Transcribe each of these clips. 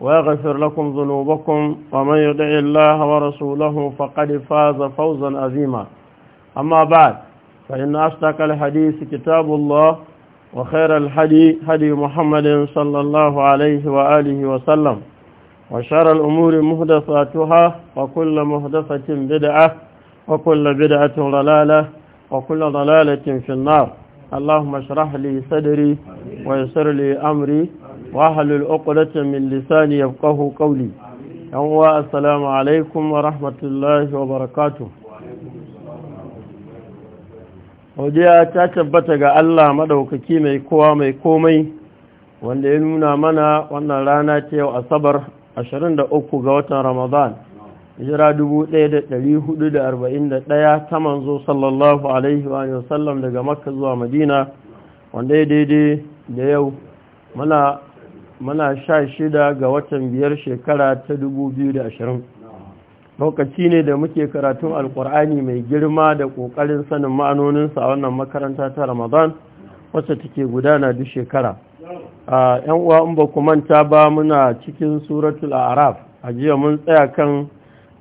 ويغفر لكم ذنوبكم ومن يدع الله ورسوله فقد فاز فوزا عظيما أما بعد فإن أصدق الحديث كتاب الله وخير الحدي هدي محمد صلى الله عليه وآله وسلم وشر الأمور مهدفاتها وكل مهدفة بدعة وكل بدعة ضلالة وكل ضلالة في النار اللهم اشرح لي صدري ويسر لي أمري wahalul uqdatan min lisani yafqahu qawli yan wa assalamu alaikum wa rahmatullahi wa barakatuh godiya ta tabbata ga Allah madaukaki mai kowa mai komai wanda ya nuna mana wannan rana ta yau asabar 23 ga watan ramadan hijira 1441 ta manzo sallallahu alaihi wa sallam daga makka zuwa madina wanda ya daidai da yau mana muna sha shida ga watan biyar shekara ta 2020 lokaci ne da muke karatun alkur'ani mai girma da ƙoƙarin sanin ma'anoninsa a wannan makaranta ta ramadan wacce take gudana duk shekara a yan uwa in ba ku manta ba muna cikin suratul araf a jiya mun tsaya kan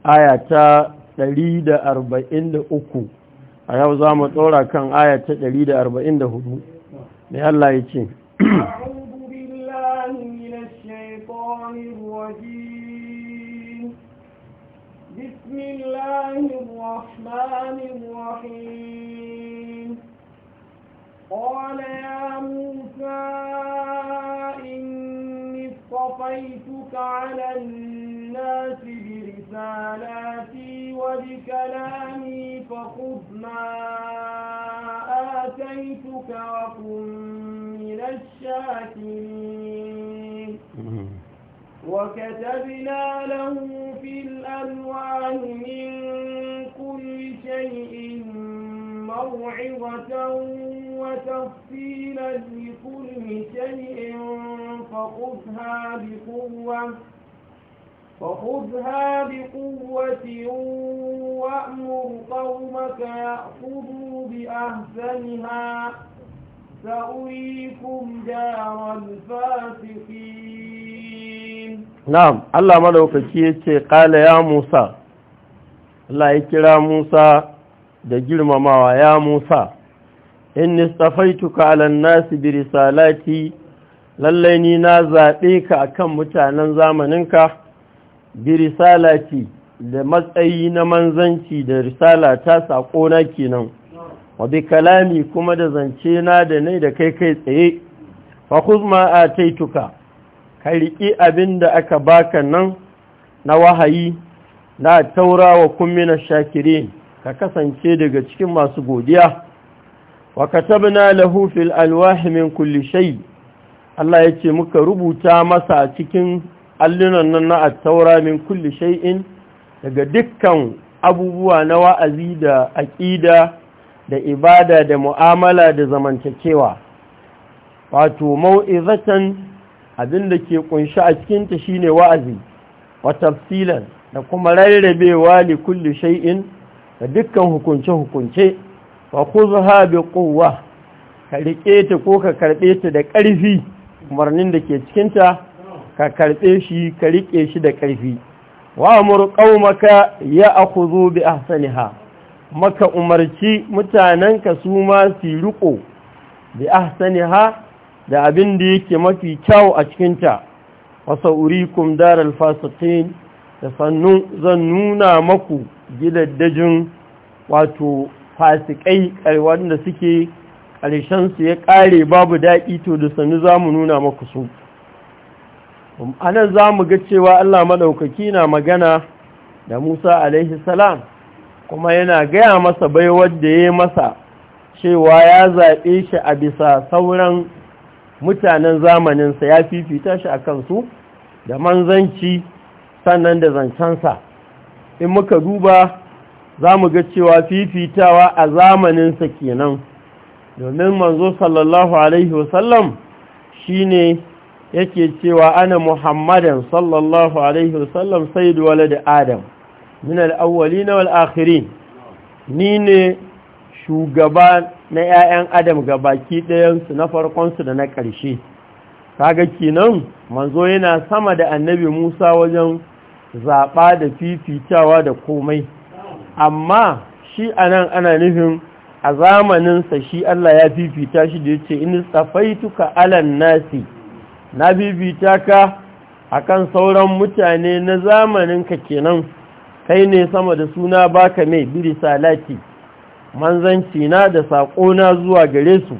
aya ta 143 a yau za mu tsora kan aya ta hudu. mai allah ya ce الشيطان الرجيم بسم الله الرحمن الرحيم قال يا موسى إني اصطفيتك على الناس برسالاتي وبكلامي فخذ ما آتيتك وكن من الشاكرين وكتبنا له في الألوان من كل شيء موعظة وتفصيلا لكل شيء فخذها بقوة فخذها بقوة وأمر قومك يأخذوا بأحسنها سأريكم دار الفاسقين na'am Allah madaukaki yace qala ya Musa Allah ya kira Musa da girmamawa ya Musa inni stafaituka ala nasi bi risalati lallai ni na zaɓe ka kan mutanen zamaninka bi risalati da matsayi na manzanci da risala ta na kenan wa bi kalami kuma da zance na da nai da kai kai tsaye fa khudh ma ataituka ka riƙi abin da aka baka nan na wahayi na taurawa kummina shakirin ka kasance daga cikin masu godiya wa katabna lahu fil alwahi min kulli shay Allah yace muka rubuta masa cikin allunan nan na taura min kulli shay'in daga dukkan abubuwa na wa'azi da aqida da ibada da mu'amala da zamantakewa wato mau'izatan abin da ke kunshi a cikinta shine wa'azi wa tafsilan da kuma rarrabewa li kulli shay'in da dukkan hukunce-hukunce wa khudha bi quwwa ka rike ta ko ka karbe ta da ƙarfi umarnin da ke cikinta ka karbe shi ka rike shi da ƙarfi wa amur qaumaka ya akhudhu bi ahsaniha maka umarci mutanenka su ma su riko bi ahsaniha da abin da yake mafi kyau a cikinta wasa urikum daral fasiqin da zan nuna maku gidaddajin wato fasikai wanda suke karshen su ya kare babu daɗi to da sannu zamu nuna maku su anan zamu ga cewa Allah maɗaukaki na magana da Musa alaihi salam kuma yana gaya masa baiwar da ya masa cewa ya zaɓe shi a bisa sauran mutanen zamaninsa ya fifita shi a kansu da manzanci sannan da zancensa in muka duba za mu ga cewa fifitawa a zamaninsa kenan domin manzo sallallahu alaihi wasallam shi ne yake cewa ana muhammadan sallallahu alaihi wasallam sai duwala da adam min al'awwali na wal'akhirin ni ne shugaban. na 'ya'yan adam ga baki ɗayansu na farkonsu da na ƙarshe kaga kinan, manzo yana sama da annabi musa wajen zaɓa da fifitawa da komai amma shi anan ana nufin a zamaninsa shi Allah ya fifita shi da ya ce in tsafaituka alan nasi na fifita ka A kan sauran mutane na zamaninka kenan kai ne sama da suna baka mai Birisa, birisalati manzanci na da saƙo na zuwa gare su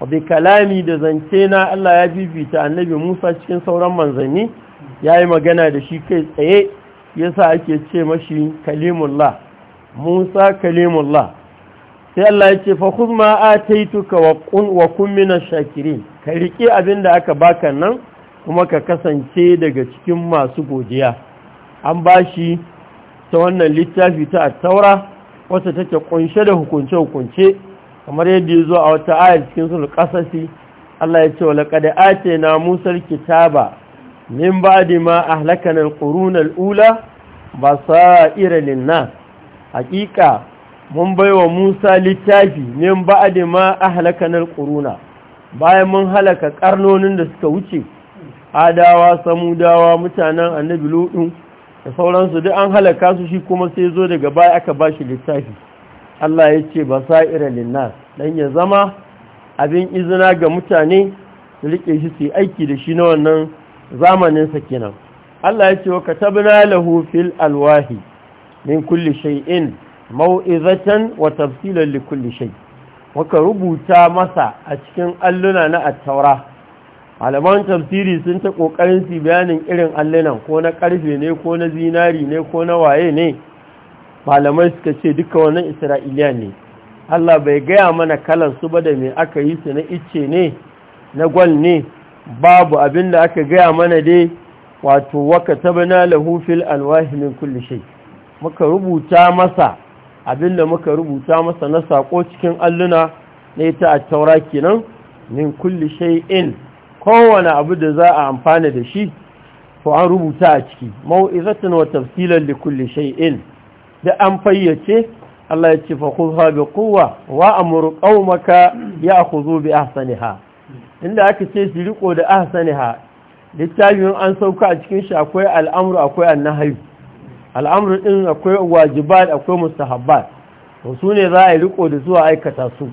wabi kalami da zance na Allah ya bibita annabi Musa cikin sauran manzanni ya yi magana da shi kai tsaye ya sa ake ce mashi kalimullah Musa kalimullah sai Allah ya ce fa kuma ataituka wa kun shakiri shakirin ka abin da aka baka nan kuma ka kasance daga cikin masu godiya an bashi ta wannan littafi ta a taura wata take kunshe da hukunce-hukunce kamar yadda ya zo a wata ayar cikin sulhu kasasi Allah ya ce wa ce na musar kitaba min di ma a al-quruna al-ula basaira lin na. Haƙiƙa mun bai wa Musa littafi min di ma a halakanar ƙoruna bayan mun halaka ƙarnonin da suka wuce adawa samudawa mutanen annabi lutun da sauransu duk an halaka su shi kuma sai zo daga baya aka ba shi littafi Allah ya ce ba sa'ira linnas dan ya zama abin izina ga mutane su rike shi su yi aiki da shi na wannan zamaninsa kenan Allah ya ce wa katabna lahu fil alwahi min kulli shay'in mau'izatan wa tafsilan li kulli shay'in waka rubuta masa a cikin alluna na at-taura alaman tafsiri sun ta ƙoƙarin su bayanin irin allunan ko na ƙarfe ne ko na zinari ne ko na waye ne malamai suka ce duka wannan isra'iliya ne allah bai gaya mana kalan su ba da mai aka yi su na icce ne na gwal ne babu abin da aka gaya mana dai wato waka ta lahu lahufil alwahimin min kulli muka rubuta masa abin da muka rubuta masa na sako cikin alluna ne ta a taura kenan min kulli shay'in kowane abu da za a amfana da shi ko an rubuta a ciki mau'izatan wa tafsilan li kulli shay'in da an fayyace Allah ya ce fa khudha bi quwwa wa amur qaumaka ya'khudhu bi ahsaniha inda aka ce su riko da ahsaniha littafin an sauka a cikin shi akwai al'amru akwai annahi al'amru din akwai wajibat akwai mustahabbat to su ne za a yi riko da zuwa aikata su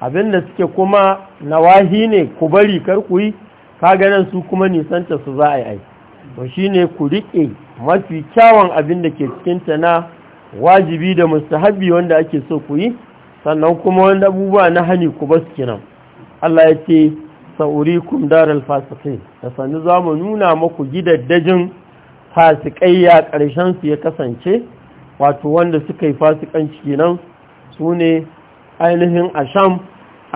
abinda suke kuma nawahi ne ku bari kar ku yi ka kaganan su kuma nisanta su za a yi ba shi ne ku riƙe mafi kyawun abin da ke cikinta na wajibi da mustahabi wanda ake so ku yi sannan kuma wanda abubuwa na hani ku ba su kinan Allah ya ce sa'urikum daral fasiqin da sannu za mu nuna maku gidaddajin fasikai ya ƙarshen su ya kasance wato wanda suka yi fasikanci kenan su ne ainihin asham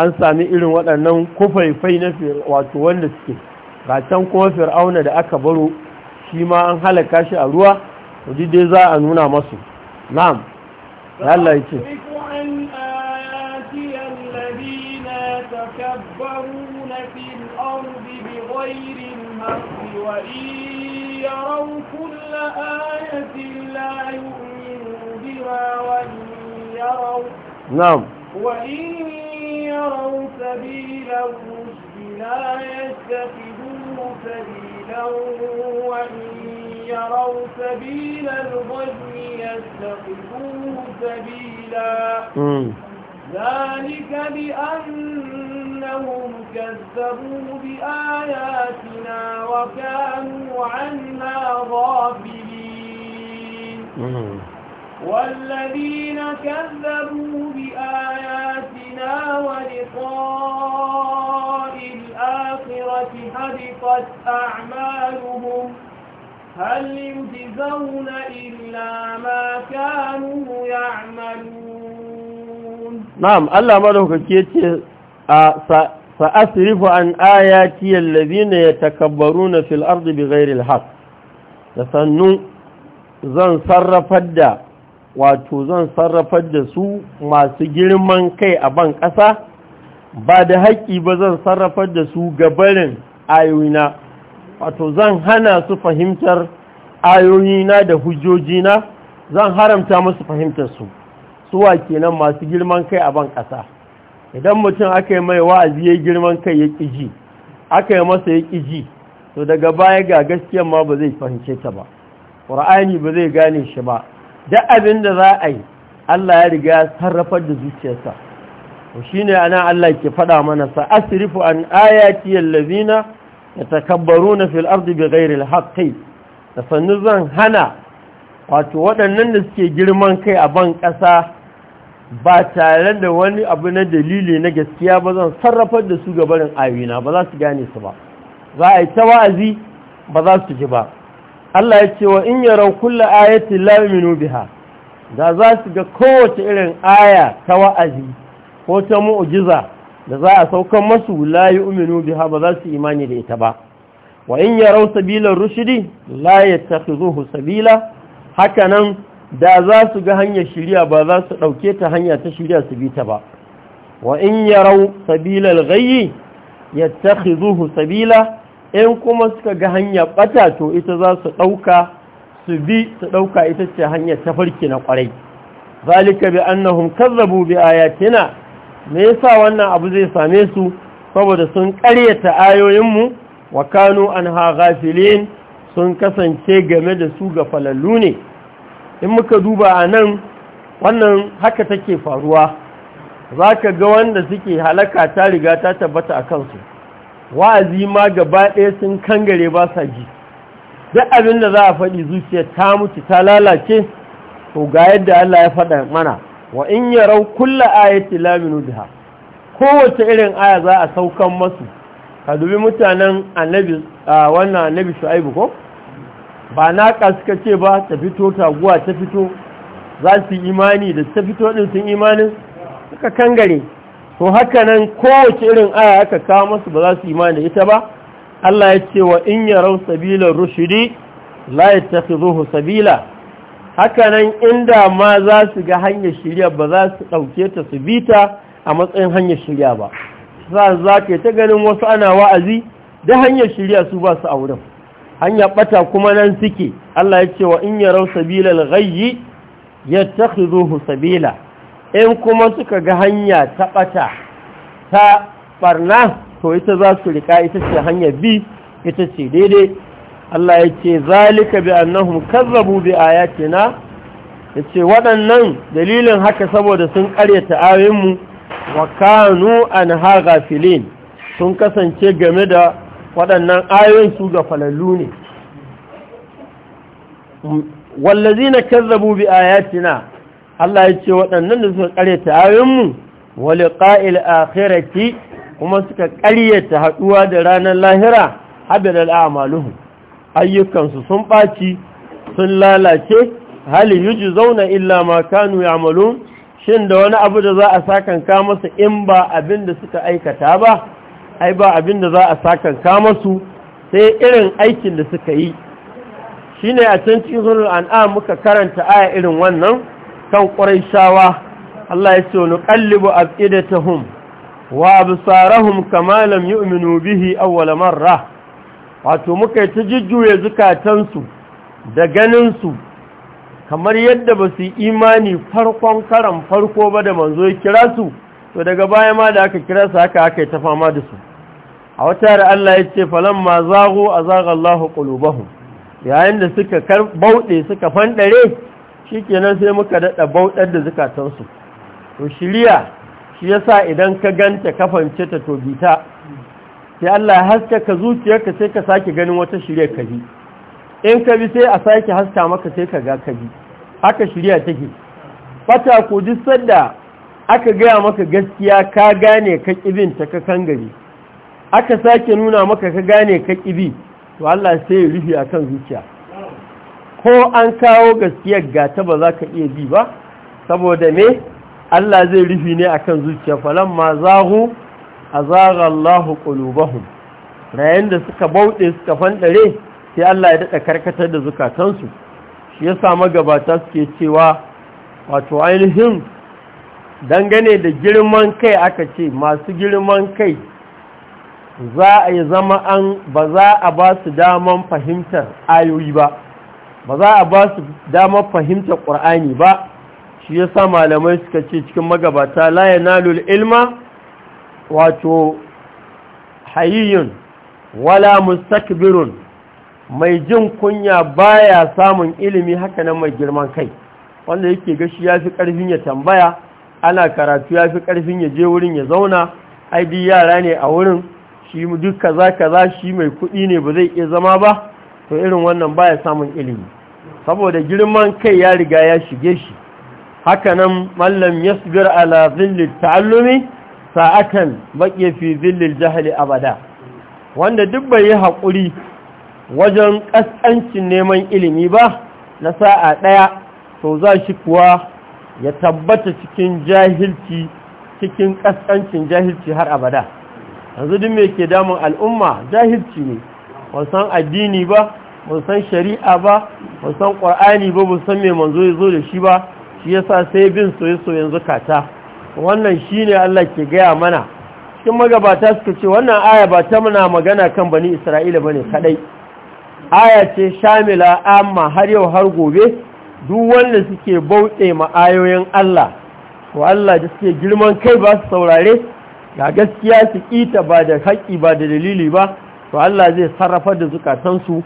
an sami irin waɗannan kufaifai na wato wanda suke ga can kuma fir'auna da aka baro shi ma an halaka shi a ruwa waje dai za a nuna masu na'am Allah ya ce na'am وإن يروا سبيل الرشد لا يتخذوه سبيلا وإن يروا سبيل الغي يتخذوه سبيلا ذلك بأنهم كذبوا بآياتنا وكانوا عنا غافلين والذين كذبوا بآياتنا حبطت أعمالهم هل يجزون إلا ما كانوا يعملون نعم الله مره كيتي فأصرف عن آياتي الذين يتكبرون في الأرض بغير الحق تسنو zan sarrafar da wato zan sarrafar da su masu girman kai a ban ƙasa ba da haƙƙi ba zan sarrafar da su gabarin ayoyina wato zan hana su fahimtar ayoyina da hujjojina zan haramta musu fahimtar su suwa kenan masu girman kai a ban ƙasa idan mutum aka yi mai wa'azi ya girman kai ya ƙiji aka yi masa ya ƙiji to daga baya ga gaskiyan ma ba zai fahimce ta ba ƙur'ani ba zai gane shi ba duk abin da za a yi Allah ya riga ya sarrafar da zuciyarsa to shine ana Allah ke faɗa mana sa asrifu an ayati allazina yatakabbaruna fil ardi bighairi al-haqqi da sannu zan hana wato waɗannan da suke girman kai a ban ƙasa ba tare da wani abu na dalili na gaskiya ba zan sarrafar da su gabarin ayoyina ba za su gane su ba za a yi ta wa'azi ba za su ji ba Allah ya ce wa in yarau kullu ayati la yu'minu biha da za su ga kowace irin aya ta wa'azi ko ta mu'jiza da za a saukan masu la yu'minu biha ba za su imani da ita ba wa in yarau sabilar rushidi la zuhu sabila hakanan da za su ga hanyar shiriya ba za su ɗauke ta hanya ta shiriya su bi ta ba wa in yarau sabilar ghayyi zuhu sabila in kuma suka ga hanya ɓata to ita za su ɗauka su bi su ɗauka ita ce hanyar tafarki na kwarai zalika bi annahum kazzabu bi ayatina me yasa wannan abu zai same su saboda sun ƙaryata ayoyinmu wa kanu ha gafilin sun kasance game da su ga falallu ne in muka duba a nan wannan haka take faruwa za ka ga wanda suke halaka ta riga ta tabbata a kansu wa'azi ma gaba ɗaya sun kangare ba sa ji duk abin da za a faɗi zuciya ta mutu ta lalace to ga yadda Allah ya faɗa mana wa in yarau kulla ayati la minudha kowace irin aya za a saukan masu ka dubi mutanen annabi wannan annabi shu'aibu ko ba na suka ce ba ta fito taguwa ta fito za su imani da ta fito din sun imanin suka kangare to haka nan kowace irin aya aka kawo masu ba za su imani da ita ba Allah ya ce wa in yarau sabilar rushidi la yattakhidhuhu sabila hakanan inda ma za su ga hanyar shirya ba za su ɗauke ta su bita a matsayin hanyar shirya ba sa za ka ta ganin wasu ana wa'azi da hanyar shirya su ba su a wurin hanyar ɓata kuma nan suke Allah ya ce wa in yarau sabilal ghayyi yattakhidhuhu sabila in kuma suka ga hanya ta ɓata ta ɓarna to ita za su rika ita ce hanyar bi ita ce daidai Allah ya ce zalika bi annahum kazzabu bi ayatina ce waɗannan dalilin haka saboda sun ƙaryata ayoyinmu wa kanu anha filin, sun kasance game da waɗannan ayoyin su ga falallu ne wallazina kazzabu bi ayatina Allah ya ce waɗannan da suka ƙaryata ayoyinmu wa liqa'il akhirati kuma suka ƙaryata haɗuwa da ranar lahira habal al'amaluhum ayyukansu sun ɓaci sun lalace hali yuji zauna illa ma kanu malu shin da wani abu da za a sakanka su in ba abin da suka aikata ba ai ba abin da za a sakanka masu sai irin aikin da suka yi shine a can cikin sunan muka karanta aya irin wannan kan ƙwarai shawa. Allah ya ce wani ƙidata hun wa absarahum kamalan lam yu'minu bihi wala marra wato muka yi ta jujjuya zukatansu da ganinsu kamar yadda ba su imani farkon karan farko ba da manzo ya kira su to daga baya ma da aka kira su haka aka yi ta fama da su a wata da Allah ya ce ma zago a Allah kulubahu yayin da suka bauɗe suka fanɗare shi kenan sai muka daɗa bauɗar da zukatansu to shirya shi yasa idan ka ganta kafance ta to bita sai Allah ya haskaka zuciyarka sai ka sake ganin wata shirya ka bi in ka bi sai a sake haska maka sai ka ga ka bi haka shirya take fata ko duk sanda aka gaya maka gaskiya ka gane ka kibin ta ka gari, aka sake nuna maka ka gane ka kibi to Allah sai ya rufe akan zuciya ko an kawo gaskiyar gata ba za ka iya bi ba saboda me Allah zai rufe ne akan zuciya falamma zahu azagha Allah qulubahum rayan da suka bauɗe suka fanɗare, sai Allah ya daɗa karkatar da zukatansu shi ya yasa magabata suke cewa wato ainihin dangane da girman kai aka ce masu girman kai za a yi zama an ba za a ba su daman fahimtar ayoyi ba ba za a ba su daman fahimtar ƙur'ani ba shi ya yasa malamai suka ce cikin magabata la ilma wato hayiyun wala mustakbirun mai jin kunya baya samun ilimi haka nan mai girman kai wanda yake gashi ya fi ƙarfin ya tambaya ana karatu ya fi ƙarfin ya je wurin ya zauna aidi yara ne a wurin shi duk kaza kaza shi mai kuɗi ne ba zai iya zama ba to irin wannan baya samun ilimi saboda girman kai ya riga ya shige shi haka nan mallam yasbir ala zillil ta'allumi sa’akan baƙe fi zillil jahali abada wanda duk bai yi haƙuri wajen ƙasƙancin neman ilimi ba na sa'a ɗaya to za shi kuwa ya tabbata cikin jahilci cikin ƙasƙancin jahilci har abada yanzu duk mai ke damun al'umma jahilci ne wasan addini ba wasan shari'a ba wasan ƙwar'ani ba wasan mai manzo ya zo da shi ba shi yasa sai bin soye-soyen zukata wannan shi ne Allah ke gaya mana cikin magabata suka ce wannan aya ba ta muna magana kan bani Isra'ila ba ne kaɗai? aya ce shamila amma har yau har gobe duk wanda suke bauɗe ma'ayoyin Allah ko Allah da suke girman kai ba su saurare ga gaskiya su kita ba da haƙƙi ba da dalili ba to Allah zai sarrafa da zukatansu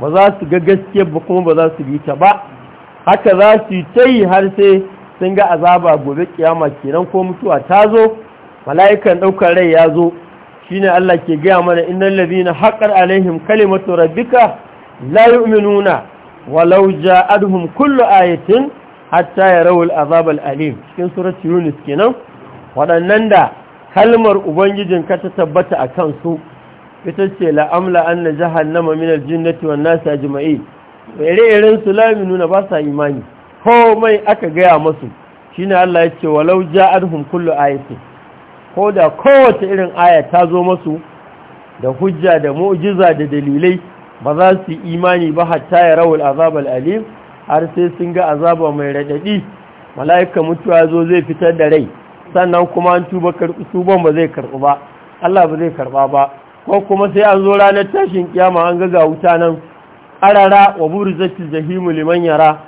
ba za su ga gaskiya ba kuma ba za su bi ta ba haka za su yi ta yi har sai sun ga azaba gobe kiyama kenan ko mutuwa ta zo mala'ikan ɗaukar rai ya zo Shi ne Allah ke gaya mana innal ladina haqqar alaihim kalimatu rabbika la yu'minuna walau ja'adhum kullu ayatin hatta yarawul al'azab al'alim alim cikin surati yunus kenan waɗannan da kalmar ubangijin ka ta tabbata a kansu ita ce la'amla anna jahannama min al-jinnati wan nasi ajma'in ire-iren su la yu'minuna ba sa imani komai aka gaya masu ne Allah ya ce walau ja'adhum kullu ayatin ko da kowace irin aya ta zo masu da hujja da mu'jiza da dalilai ba za su imani ba hatta ya rawul azabal alim har sai sun ga azaba mai radadi mala'ika mutuwa zo zai fitar da rai sannan kuma an tuba karɓi tuban ba zai karɓi ba Allah ba zai karba ba ko kuma sai an zo ranar tashin kiyama an ga ga wuta nan arara wa burzati jahimu liman yara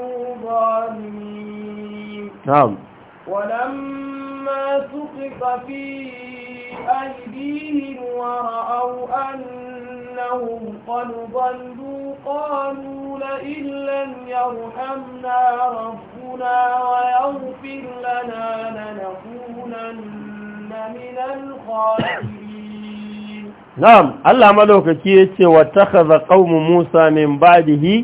نعم ولما سقط في أيديهم ورأوا أنهم قد ضلوا قالوا لئن لم يرحمنا ربنا ويغفر لنا لنكونن من الخاسرين نعم الله ملوكك يتي واتخذ قوم موسى من بعده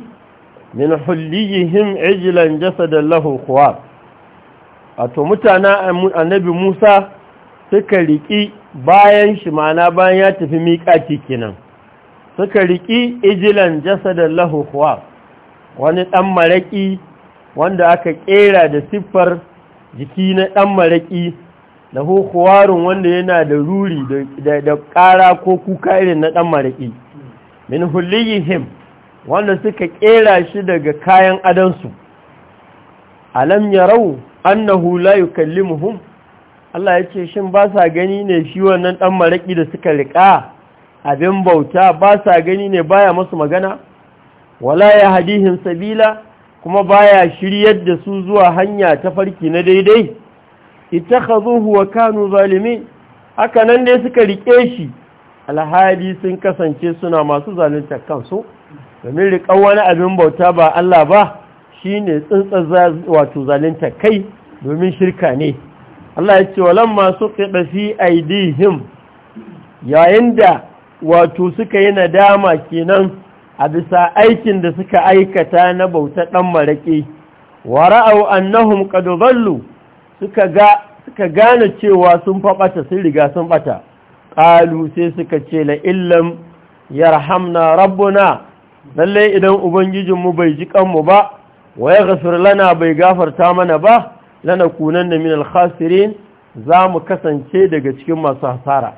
من حليهم عجلا جسدا له خوار A to mutana annabi Musa suka riki bayan shi mana bayan ya tafi miƙati kenan suka riki ijilan jasadan lahu wani ɗan maraƙi wanda aka ƙera da siffar jiki na ɗan maraƙi da wanda yana da ruri da ƙara ko kuka irin na ɗan maraƙi min hulihim wanda suka ƙera shi daga kayan adansu alam ya rau annahu la yukallimuhum Allah ya ce shin ba sa gani ne shi wannan dan maraki da suka riƙa abin bauta ba sa gani ne baya masu magana wala ya hadihin sabila kuma baya shiryar da su zuwa hanya ta farki na daidai ittakhadhuhu wa kanu zalimin haka nan dai suka rike shi Alhadi sun kasance suna masu zalunta kansu domin rikan wani abin bauta ba Allah ba Shi ne tsantsar wato zalunta kai domin shirka ne Allah ya ce walan masu qida fi aidihim yayin da wato suka yi nadama kenan a bisa aikin da suka aikata na bauta ɗan maraƙi wa ra'au annahum qad suka ga gane cewa sun faɓata sun riga sun ɓata ƙalu sai suka ce la illam yarhamna rabbuna lalle idan ubangijin mu bai ji kanmu ba wa yaghfir lana bai gafarta mana ba lana kunanna minal khasirin za mu kasance daga cikin masu hasara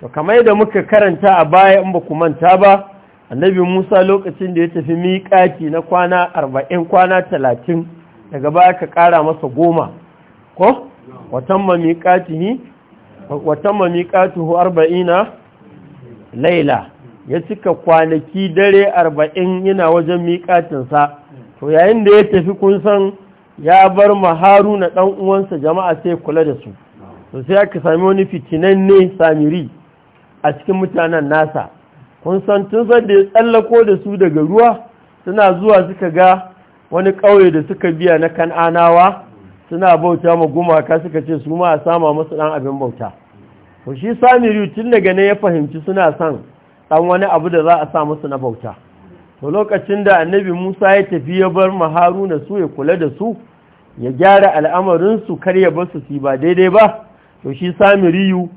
to kamar da muka karanta a baya in ba ku manta ba annabi Musa lokacin da ya tafi miƙaƙi na kwana 40 kwana 30 daga baya ka ƙara masa goma ko watamma miƙatihi watamma miƙatuhu laila ya cika kwanaki dare arba'in yana wajen miƙatinsa to yayin da ya tafi kun san ya bar ma haruna ɗan uwansa jama'a sai kula da su to sai aka sami wani fitinanne samiri a cikin mutanen nasa kun san tun san da ya tsallako da su daga ruwa suna zuwa suka ga wani ƙauye da suka biya na kan'anawa suna bauta ma gumaka suka ce su ma a sama masu ɗan abin bauta to shi samiri tun daga ne ya fahimci suna son ɗan wani abu da za a sa musu na bauta to lokacin da annabi musa ya tafi ya bar maharu na su ya kula da su ya gyara al'amarinsu kar ya basu su ba daidai ba to shi sami riyu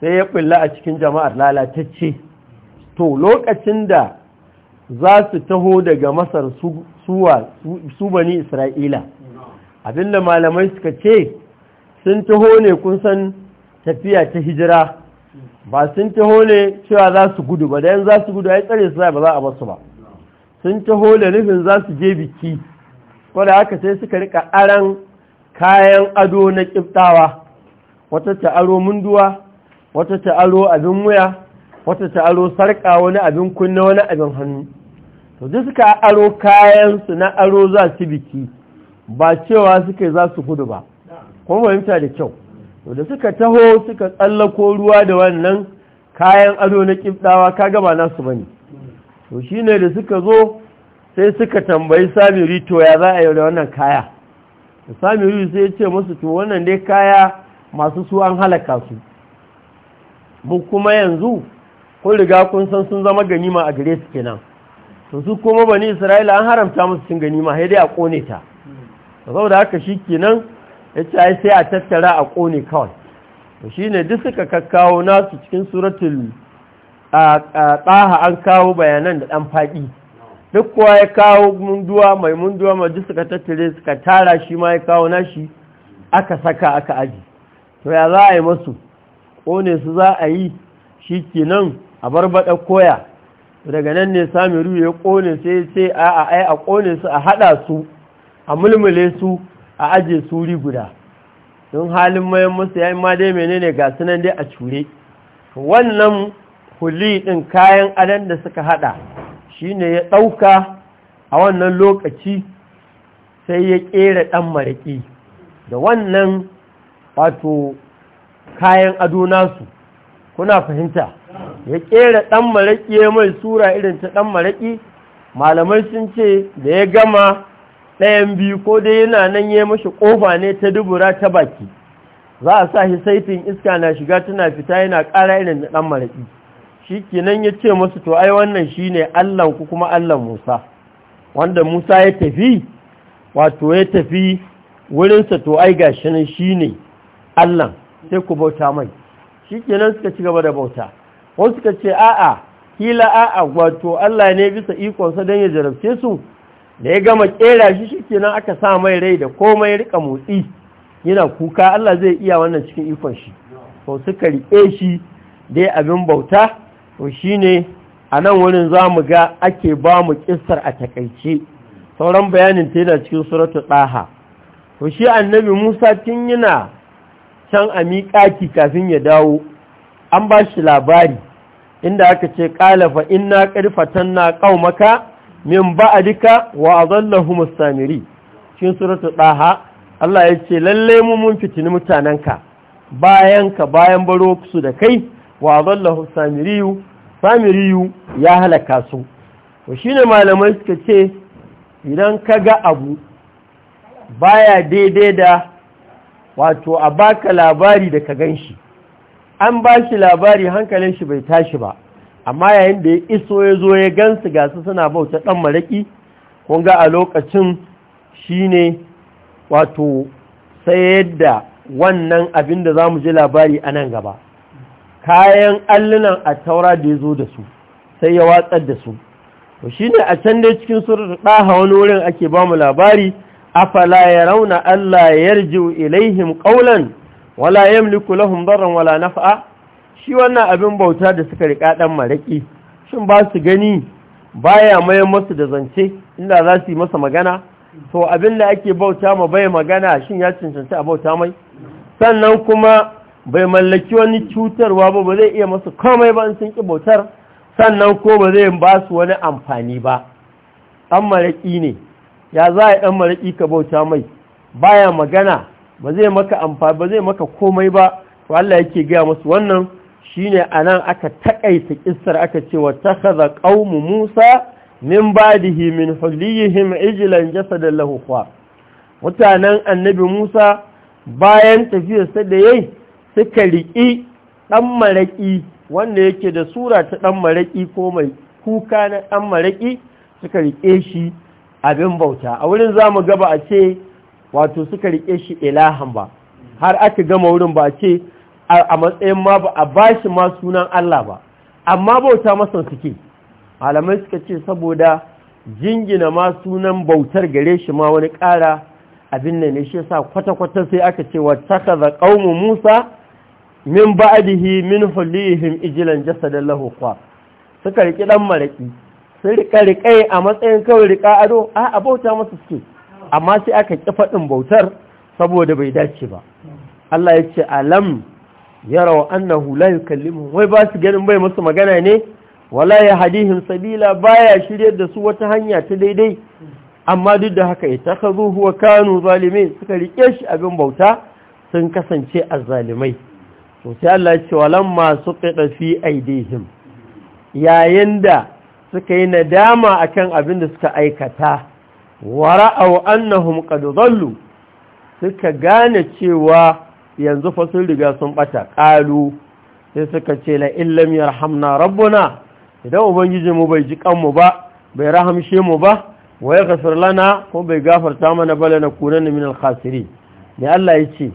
sai ya ɓilla a cikin jama'ar lalatacce to lokacin da za su taho daga masar suwa su bani isra'ila abinda malamai suka ce sun taho ne kun san tafiya ta hijira ba sun taho ne cewa za su gudu ba da yan za su gudu ya tsare su ba za a su ba sun taho da nufin za su je biki wadda haka sai suka rika aran kayan ado na ƙiftawa wata ta aro munduwa wata ta aro abin wuya wata ta aro sarƙa wani abin kunna wani abin hannu to duk suka aro kayansu na aro za su biki ba cewa suka za su gudu ba kuma fahimta da kyau to da suka taho suka tsallako ruwa da wannan kayan ado na ƙiftawa ka gaba nasu ba ne. to shi ne da suka zo sai suka tambayi samiri to ya za a yi da wannan kaya da samiri sai ya ce musu to wannan dai kaya masu su an halaka su mu kuma yanzu kun riga kun san sun zama ganima a gare su kenan to su kuma bani isra'ila an haramta musu cin ganima sai dai a kone ta saboda haka shi kenan ya ce sai a tattara a kone kawai to shine duk suka kakkawo nasu cikin suratul tsaha an kawo bayanan da ɗan faɗi duk kuwa ya kawo munduwa mai munduwa maji suka tattare suka tara shi ma ya kawo nashi aka saka aka aji to ya za a yi masu ƙone su za a yi shi ke nan a barbaɗa koya daga nan ne samiru ya ƙone sai ce a a a ƙone su a haɗa su a mulmule su a aje suri guda don halin mayan masu ya yi ma dai menene ga sunan dai a cure wannan huli ɗin kayan adon da suka haɗa shi ne ya ɗauka a wannan lokaci sai ya ƙera ɗan maraƙi da wannan wato kayan ado nasu kuna fahimta ya ƙera ɗan maraƙi mai sura irin ta ɗan maraƙi malamai sun ce da ya gama ɗayan biyu ko dai yana nan ya mashi ƙofa ne ta dubura ta baki za a sa shi saitin iska na shiga tana fita yana ƙara irin da ɗan maraƙi shi kenan ya ce masu to ai wannan shi ne allahnku kuma allah musa wanda musa ya tafi wato ya tafi wurinsa to ai gashi nan shi ne allan sai ku bauta mai shi kenan suka ci gaba da bauta wasu suka ce a'a kila a'a wato allah ne bisa ikonsa don ya jarabce su da ya gama kera shi shi kenan aka sa mai rai da komai rika motsi yana kuka allah zai iya wannan cikin ikon shi to suka riƙe shi dai abin bauta to ne, a nan wurin za mu ga ake ba mu a takaice sauran bayanin ta yana cikin suratu ɗaha to shi annabi musa tun yana can a miƙaki kafin ya dawo an ba shi labari inda aka ce ƙalafa inna ƙarfatan na ƙaumaka min ba a duka wa azallahu mustamiri cikin suratu ɗaha Allah ya ce lallai mu mun fitini mutanenka bayan ka bayan baro su da kai wa adallahu samiriyu samiriyu ya halaka su to shine malamai suka ce idan ga abu baya daidai da wato a baka labari da ka ganshi an ba shi labari hankalin shi bai tashi ba amma yayin da ya iso ya zo ya gansu gasu suna bauta ɗan maraƙi ga a lokacin shine wato sayar da wannan abin da za mu ji labari a nan gaba kayan allunan a taura da ya zo da su sai ya watsar da su to shi ne a can dai cikin surat ɗaha wani wurin ake ba mu labari afala ya rauna Allah ya yarji ilaihim ƙaunan wala yamliku lahum darran wala naf'a shi wannan abin bauta da suka riƙa ɗan maraƙi, shin ba su gani baya mayan masu da zance inda za su yi masa magana to abin da ake bauta ma bai magana shin ya cancanci a bauta mai sannan kuma bai mallaki wani cutarwa ba ba zai iya masu komai ba sun ƙi bautar sannan ko ba zai ba su wani amfani ba ɗan maraƙi ne ya za a ɗan maraƙi ka bauta mai baya magana ba zai maka amfani ba zai maka komai ba to Allah yake gaya masu wannan shine anan aka taƙaita kissar aka ce wa haza qaumu Musa min badihi min huliyihim ijilan jasa da mutanen annabi Musa bayan tafiyarsa da yayi suka riƙi ɗan maraƙi wanda yake da sura ta ɗan maraƙi ko mai kuka na ɗan maraƙi suka riƙe shi abin bauta a wurin za mu gaba a ce wato suka riƙe shi ilahan ba har aka gama wurin ba a ce a matsayin ma ba a ba shi ma sunan Allah ba amma bauta masa suke malamai suka ce saboda jingina ma sunan bautar gare shi ma wani ƙara abin ne shi sa kwata-kwata sai aka ce wa takaza ƙaunin Musa min ba'dihi min hulihim ijlan jasadan lahu fa suka riki dan maraki su rika rikai a matsayin kawai rika ado a bauta masa suke amma sai aka ki fadin bautar saboda bai dace ba Allah ya ce alam yaraw annahu la yukallimu wai ba su ganin bai musu magana ne wala ya hadihim sabila baya shiryar da su wata hanya ta daidai amma duk da haka ita ka huwa kanu zalimin suka rike shi abin bauta sun kasance azzalimai to sai Allah ya ce walan masu qida fi aidihim yayin da suka yi nadama akan abin da suka aikata wara'au annahum qad zallu suka gane cewa yanzu fa sun riga sun bata qalu sai suka ce la illam yarhamna rabbuna idan ubangiji mu bai ji kanmu ba bai rahamshe mu ba wa kasar lana ko bai gafarta mana bala na kunan min al-khasiri ne Allah ya ce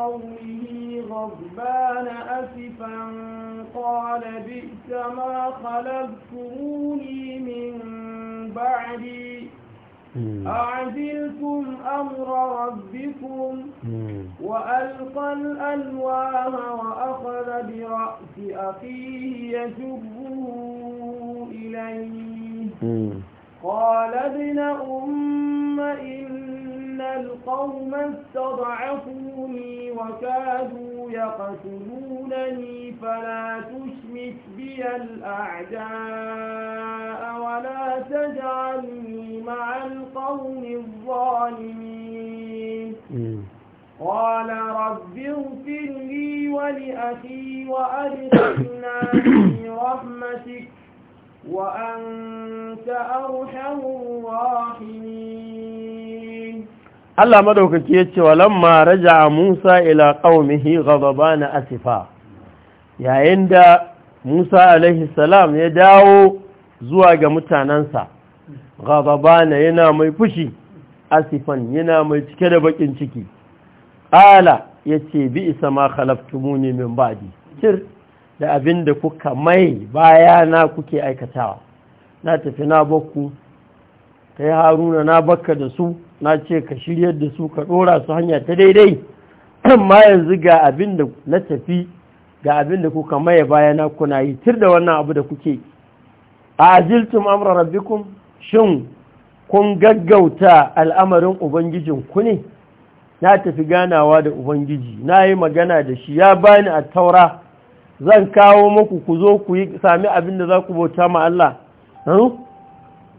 قومه غضبان أسفا قال بئس ما خلفتموني من بعدي أعزلتم أمر ربكم وألقى الألواه وأخذ برأس أخيه يجبه إليه قال ابن أم إن إن القوم استضعفوني وكادوا يقتلونني فلا تشمت بي الأعداء ولا تجعلني مع القوم الظالمين قال رب اغفر لي ولأخي وأدخلنا في رحمتك وأنت أرحم الراحمين Allah madaukaki ya ce wa lamma raja Musa ila qaumihi na asifa yayin da Musa alaihi salam ya dawo zuwa ga mutanansa na yana mai fushi asifan yana mai cike da bakin ciki ala yace bi isa ma khalaftumuni min ba'di kir da abinda kuka mai bayana kuke aikatawa na tafi na bakku kai haruna na bakka da su na ce ka shiryar da su ka ɗora su hanya ta daidai amma yanzu ga abin da na tafi ga abin da kuka maye bayana kuna yi tir da wannan abu da kuke a ajiltum amra rabbikum shin kun gaggauta al'amarin ubangijin ku ne na tafi ganawa da ubangiji na yi magana da shi ya bani a taura zan kawo muku ku zo ku yi sami abin da za ku bauta ma Allah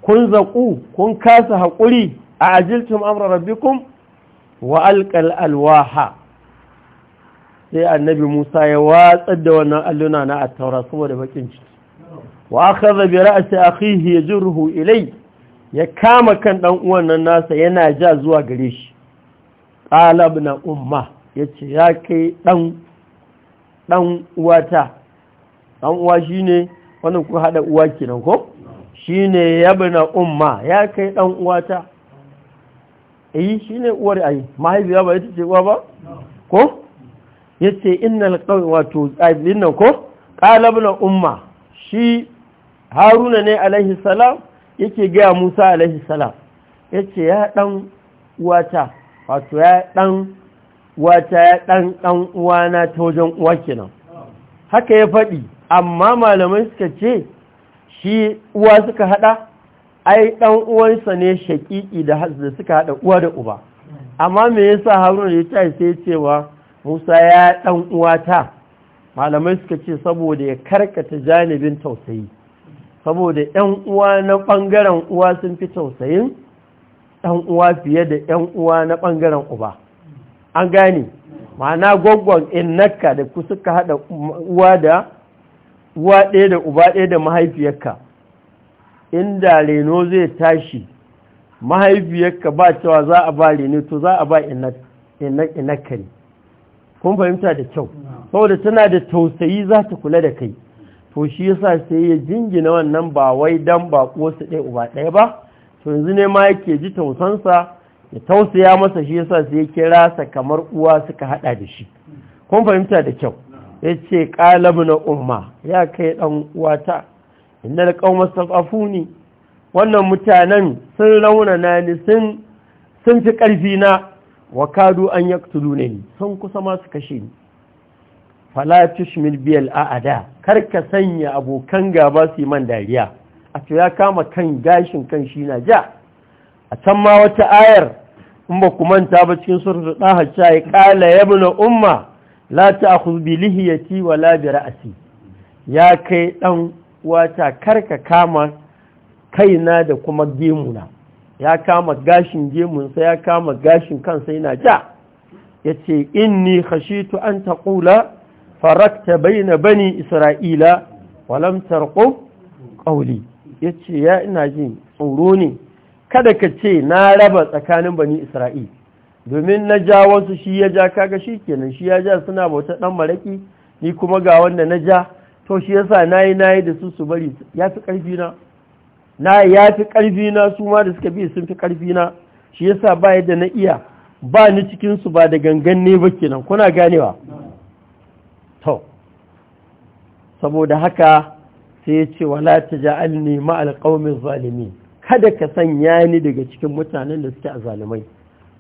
kun zaƙu kun kasa haƙuri a ajiltum amra rabbikum wa alƙal alwaha sai annabi musa ya watsar da wannan alluna na attaura saboda bakin ciki wa akhadha bi ra'si akhihi yajruhu ilay ya kama kan dan uwan nan nasa yana ja zuwa gare shi qala na umma yace ya kai dan dan uwata dan uwa shine wannan ku haɗa uwa kenan ko shine yabina umma ya kai dan uwata shi eh, shine uwar ayi mahaifiya ba ita ce uwa ba ko yace ina qawl wato na? ko qala umma shi haruna ne alaihi salam yake gaya musa alaihi salam yace ya dan uwata wato ya dan uwata ya dan dan uwana ta wajen uwa kenan haka ya faɗi amma malamai suka ce shi uwa suka hada ai dan uwansa ne shakiki da hazza suka hada uwa da uba amma me yasa haruna ya tashi sai cewa musa ya dan uwata malamai suka ce saboda ya karkata janibin tausayi saboda yan uwa na bangaren uwa sun fi tausayin ɗan uwa fiye da yan uwa na bangaren uba an gane ma'ana gwaggon naka da ku suka hada uwa da uwa ɗaya da uba ɗaya da mahaifiyarka inda reno zai tashi mahaifiyarka ba cewa za a ba reno to za a ba inaka ne kun fahimta da kyau saboda tana da tausayi za ta kula da kai to shi yasa sai ya jingina wannan ba wai dan ba su ɗaya uba ɗaya ba to yanzu ne ma yake ji tausansa ya tausaya masa shi yasa sai ya kira sa kamar uwa suka haɗa da shi kun fahimta da kyau ya ce ƙalamu na umma ya kai ɗan wata inda da ƙaunar safafu ne wannan mutanen sun raunana ne sun fi ƙarfi na wa kadu an ya ne sun kusa masu kashe ni falatish milbiyal a'ada karka sanya abokan gaba su yi man dariya a to ya kama kan gashin kan shi na ja a can ma wata ayar in ba ku manta ba cikin surtu ɗahar shayi ƙala ya bi na umma la ta'khudh bi lihiyati wala bi ra'si ya kai dan wata karka kama kaina da kuma gemuna ya kama gashin gemunsa ya kama gashin kansa yana ja yace inni khashitu an taqula farakta baina bani isra'ila wa lam tarqu qawli yace ya ina jin tsoro ne kada ka ce na raba tsakanin bani isra'ila domin na ja wasu shi ya ja kaga shi kenan shi ya ja suna bauta dan maraki ni kuma ga wanda na ja to shi yasa nayi nayi da su su bari ya fi karfi na na ya fi karfi na su ma da suka bi sun fi karfi na shi yasa ba yadda na iya ba ni cikin su ba da gangan ne ba kenan kuna ganewa to saboda haka sai ya ce wala taj'alni ma'al qaumi zalimin kada ka sanya ni daga cikin mutanen da suke a zalimai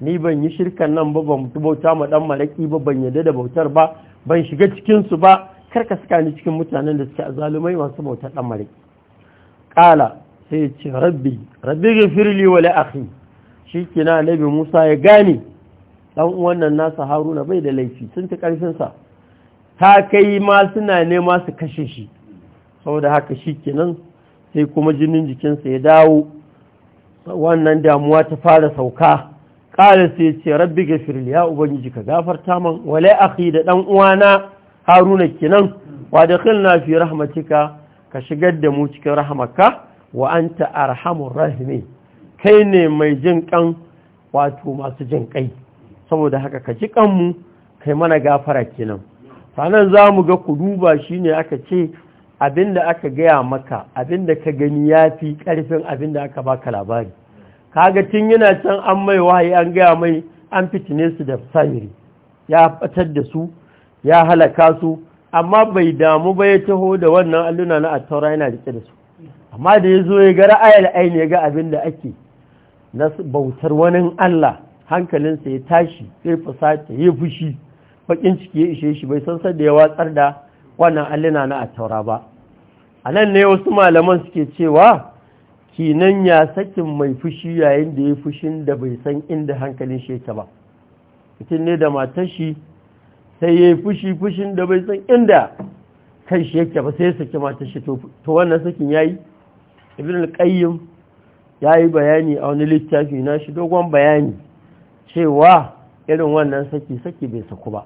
ni ban yi shirkan nan ba ban bauta ma dan malaki ba ban yarda da bautar ba ban shiga cikin su ba karka saka ni cikin mutanen da suke azalumai masu bautar dan malaki qala sai ce rabbi rabbi ghafirli wa li akhi shikina nabi Musa ya gane dan uwan nasa Haruna bai da laifi sun ta karfin sa ta kai ma suna nema su kashe shi saboda haka shikenan sai kuma jinin jikinsa ya dawo wannan damuwa ta fara sauka ƙala sai ce rabbi ga ya ubangiji ka gafarta man wale a akhi da ɗan uwana haruna kinan wa na fi rahmatika ka shigar da mu cikin rahmaka wa a arhamur rahimi kai ne mai jin ƙan wato masu jin ƙai saboda haka ka ji ƙanmu kai mana gafara kinan sanan za mu ga ku duba shi ne aka ce abinda aka gaya maka abinda ka gani ya fi ƙarfin abin da aka baka labari kaga tun yana can an mai wahayi an gaya mai an fitine su da samiri ya fatar da su ya halaka su amma bai damu ba ya taho da wannan alluna na attaura yana rike da su amma da ya zo ya ga ra'ayar aini ya ga abin da ake na bautar wani Allah hankalinsa ya tashi ya fusata ya fushi bakin ciki ya ishe shi bai san da ya watsar da wannan alluna na attaura ba a nan ne wasu malaman suke cewa kinan ya sakin mai fushi yayin da ya fushin da bai san inda hankalin shi yake ba mutum ne da matar shi sai ya fushi fushin da bai san inda kan shi yake ba sai ya saki matar shi to wannan sakin yayi ibn al-qayyim yayi bayani a wani littafi na shi dogon bayani cewa irin wannan saki saki bai saku ba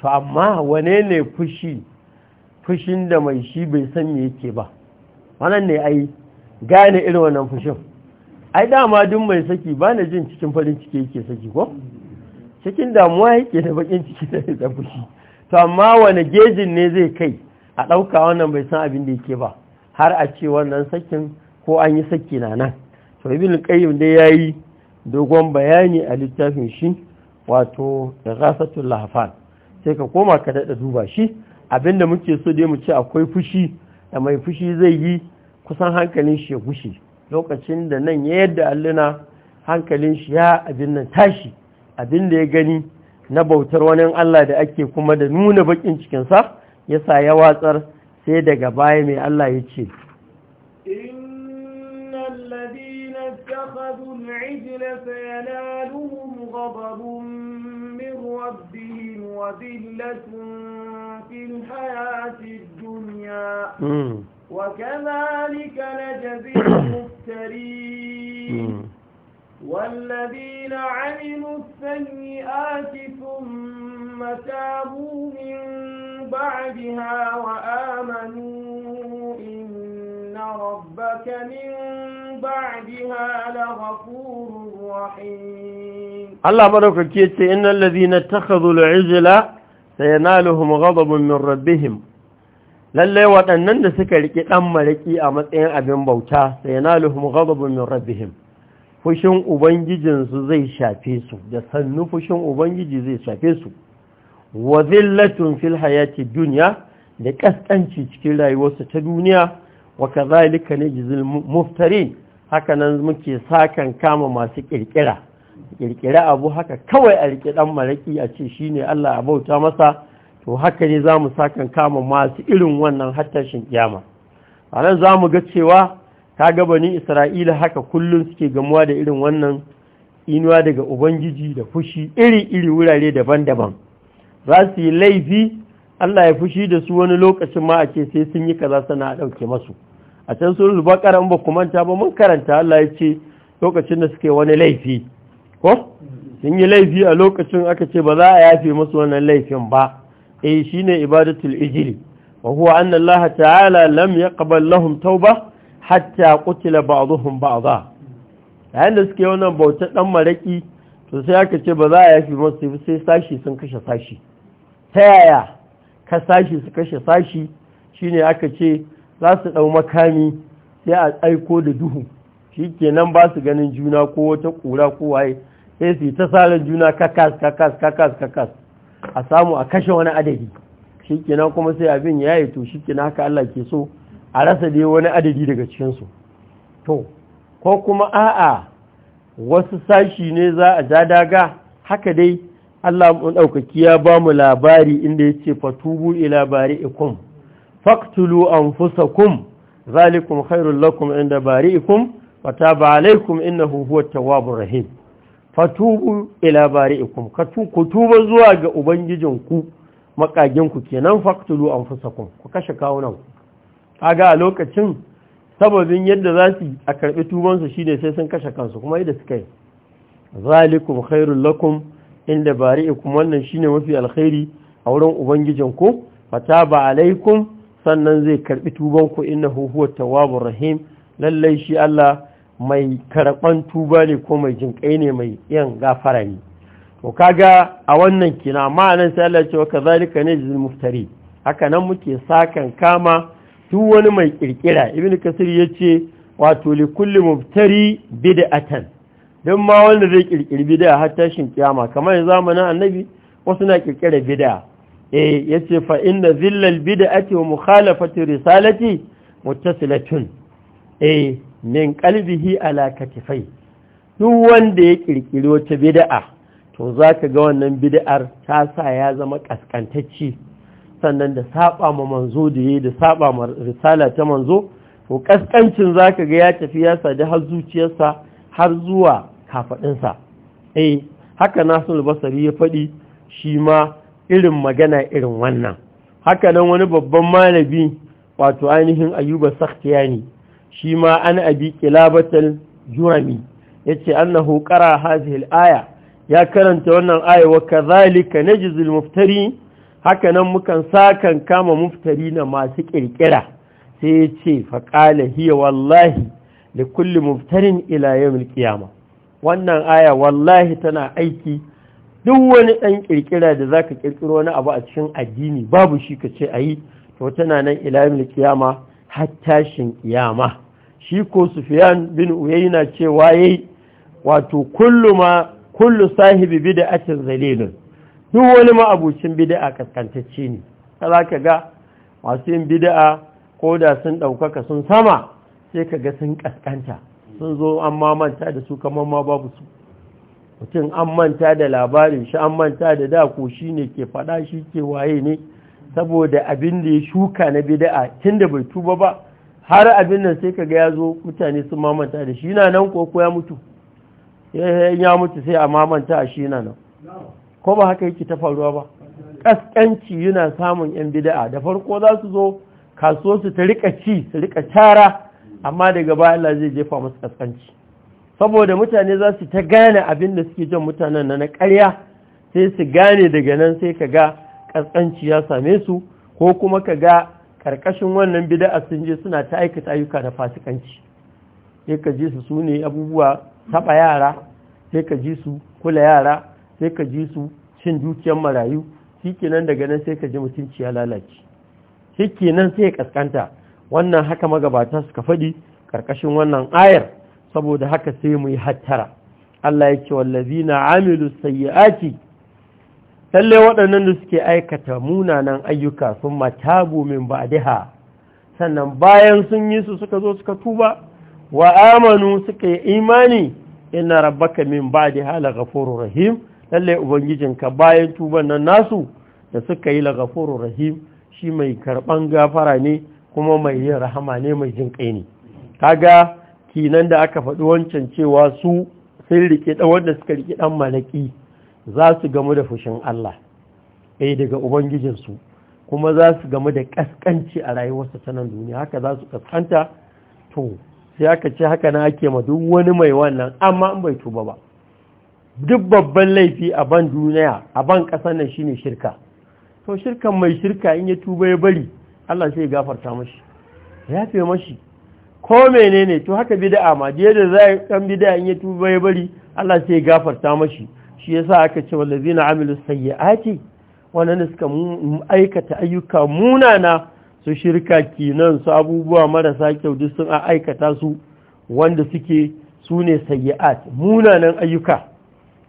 to amma wane ne fushi fushin da mai shi bai san me yake ba wannan ne ai gane irin wannan fushin ai dama duk mai saki ba na jin cikin farin ciki yake saki ko cikin damuwa yake da bakin ciki da fushi to amma wani gejin ne zai kai a ɗauka wannan bai san abin da yake ba har a ce wannan sakin ko an yi saki na nan to ibn qayyim dai yayi dogon bayani a littafin shi wato ghasatul lahfan sai ka koma ka dada duba shi abinda muke so dai mu ce akwai fushi da mai fushi zai yi kusan hankalin shi ya gushe lokacin da nan ya yadda alluna hankalin shi ya abin nan tashi abin da ya gani na bautar wani Allah da ake kuma da nuna bakin cikinsa ya sa ya watsar sai daga baya mai Allah ya ce Mm. وكذلك نجزي المفترين والذين عملوا السيئات ثم تابوا من بعدها وآمنوا إن ربك من بعدها لغفور رحيم الله بارك فيك إن الذين اتخذوا العجل سينالهم غضب من ربهم lallai waɗannan da suka riƙe ɗan maraƙi a matsayin abin bauta sai na luhum ghadabun min rabihim fushin ubangijinsu zai shafe su da sannu fushin ubangiji zai shafe su wa zillatun fil hayati duniya, da ƙasƙanci cikin rayuwarsu ta duniya wa kazalika Jizil muftarin haka nan muke sakan kama masu ƙirƙira. ƙirƙira abu haka kawai a riƙe ɗan maraƙi a ce shine Allah a bauta masa to haka ne za mu sakan kama masu irin wannan hattashin kyama a nan za mu ga cewa ta gabanin isra'ila haka kullum suke gamuwa da irin wannan inuwa daga ubangiji da fushi iri-iri wurare daban-daban za su yi laifi allah ya fushi da su wani lokacin ma a sai sun yi kaza sana ɗauke masu a can sun zuba karan ba manta ba mun karanta allah ya ce lokacin da suke wani laifi ko sun yi laifi a lokacin aka ce ba za a yafe masu wannan laifin ba eh shine ibadatul ijli wa huwa anna Allah ta'ala lam yaqbal lahum tauba hatta qutila ba'dhum ba'dha yayin da suke wannan bautar dan maraki to sai aka ce ba za a yafi musu sai sashi sun kashe sashi ta yaya ka sashi su kashe sashi shine aka ce za su dau makami sai a aiko da duhu shikenan ba su ganin juna ko wata kura ko waye sai su ta salan juna kakas kakas kakas kakas a samu a kashe wani adadi shi kuma sai abin ya yi to shi kina haka Allah ke so a rasa dai wani adadi daga cikinsu to ko kuma a'a wasu sashi ne za a ja daga haka dai Allah mun ɗaukaki ya ba mu labari inda yace fatubu ila bari'ikum faqtulu anfusakum zalikum khairul lakum inda bari'ikum wa taba alaikum innahu huwa tawwabur rahim fatubu ila bari'ikum ku tuba zuwa ga ubangijinku makaginku kenan faqtulu anfusakum ku kashe kawunan kaga a lokacin sababin yadda za su a karbi tuban su shine sai sun kashe kansu kuma yadda suka yi zalikum khairul lakum inda bari'ikum wannan shine mafi alkhairi a wurin ubangijinku fataba alaikum sannan zai karbi tuban ku innahu huwa tawwabur rahim lallai shi Allah mai karɓan tuba ne ko mai jinƙai ne mai yan gafara ne to kaga a wannan kina nan sai Allah cewa kazalika ne jizil muftari haka nan muke sakan kama duk wani mai kirkira ibn kasir yace wato li kulli muftari bid'atan dan ma wanda zai kirkiri bid'a har tashin kiyama kamar zamanin annabi wasu na kirkira bid'a eh yace fa inna zillal bid'ati wa mukhalafati risalati muttasilatun eh min kalbihi ala katifai duk wanda ya kirkiri wata bid'a to zaka ga wannan bid'ar ta sa ya zama kaskantacci sannan da saba ma manzo da yayi da saba ma risala ta manzo to kaskancin zaka ga ya tafi ya da har zuciyarsa har zuwa sa eh haka nasul basari ya faɗi shi ma irin magana irin wannan haka nan wani babban malami wato ainihin Ayuba Sakhtiyani shi ma an abi kilabatal jurami yace annahu qara hadhihi al-aya ya karanta wannan aya wa kadhalika najzil muftari haka nan mukan sakan kama muftari na masu ƙirƙira. sai yace fa qala hiya wallahi da kulli muftarin ila yawm wannan aya wallahi tana aiki duk wani ɗan ƙirƙira da za ka ƙirƙiro wani abu a cikin addini babu shi ka ce a yi to tana nan ilayen kiyama har tashin kiyama shi ko sufiyan bin uyayna cewa yayi wato kullu ma kullu sahibi bid'atin zalilun duk wani ma abucin bid'a kaskantacce ne za ka ga masu yin bid'a ko da sun ɗaukaka sun sama sai ka ga sun kaskanta sun zo an mamanta da su kamar ma babu su mutum an manta da labarin shi an manta da da ko shi ke faɗa shi ke waye ne saboda abin da ya shuka na bida'a tun da bai tuba ba har abin nan sai kaga ya zo mutane sun mamanta da shi na nan ko ya mutu eh, ya mutu sai a mamanta a shi na nan ko ba haka yake ta faruwa ba ƙasƙanci yana samun 'yan bida'a da farko za su zo kasuwar su ta rika ci su rika tara amma daga baya Allah zai jefa musu ƙasƙanci saboda mutane za su ta gane abin da suke jan mutanen na na ƙarya sai su gane daga nan sai kaga kaskanci ya same su ko kuma kaga. ƙarƙashin wannan bida'a sun je suna ta aikata ayyuka da fasikanci sai ka ji su su ne abubuwa taɓa yara sai ka ji su kula yara sai ka ji su cin dukiyar marayu nan daga nan sai ka ji mutunci ya lalace nan sai ya kaskanta wannan haka magabata suka faɗi ƙarƙashin wannan ayar saboda haka sai mu yi hattara Allah ya ce wallazina amilu sayyi'ati lalle waɗannan da suke aikata munanan ayyuka sun matabu min ba'daha sannan bayan sun yi su suka zo suka tuba wa amanu suka yi imani ina rabbaka min ba'daha gafuru rahim lalle ubangijinka bayan tuban nan nasu da suka yi laghafurur rahim shi mai karɓan gafara ne kuma mai yin rahama ne mai jin kai ne kaga kinan da aka faɗi wancan cewa su sun rike ɗan wanda suka rike ɗan malaki za su gamu da fushin Allah ɗaya eh, daga ubangijinsu kuma za su gamu da ƙasƙanci a rayuwarsa ta nan duniya haka za su ƙasƙanta to sai aka ce haka na ake ma duk wani mai wannan amma an bai tuba ba duk babban laifi a ban duniya a ban ƙasar nan shine shirka to shirkan mai shirka in ya tuba ya bari Allah sai ya gafarta mashi ya fi mashi ko menene to haka bid'a ma je da zai dan bid'a in ya tuba ya bari Allah sai ya gafarta mashi shi sa aka ce na amilu sayyi'ati wannan suka aikata ayyuka munana su shirka kinan su abubuwa marasa kyau duk sun aikata su wanda suke su ne sayyi'at munanan ayyuka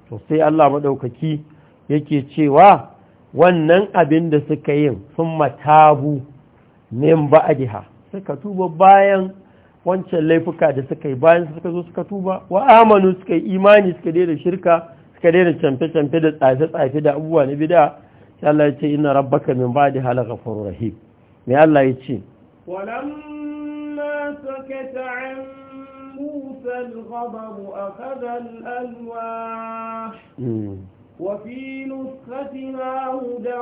to sai Allah madaukaki yake cewa wannan abin da suka yi sun matabu min ba'diha suka tuba bayan wancan laifuka da suka yi bayan suka zo suka tuba wa amanu suka yi imani suka daina shirka suka daina canfe-canfe da tsafe-tsafe da abubuwa na bida sai Allah ya ce ina rabbaka min ba'di halaka ghafurur rahim me Allah ya ce walamma sakata an musa وفي نسختها هدى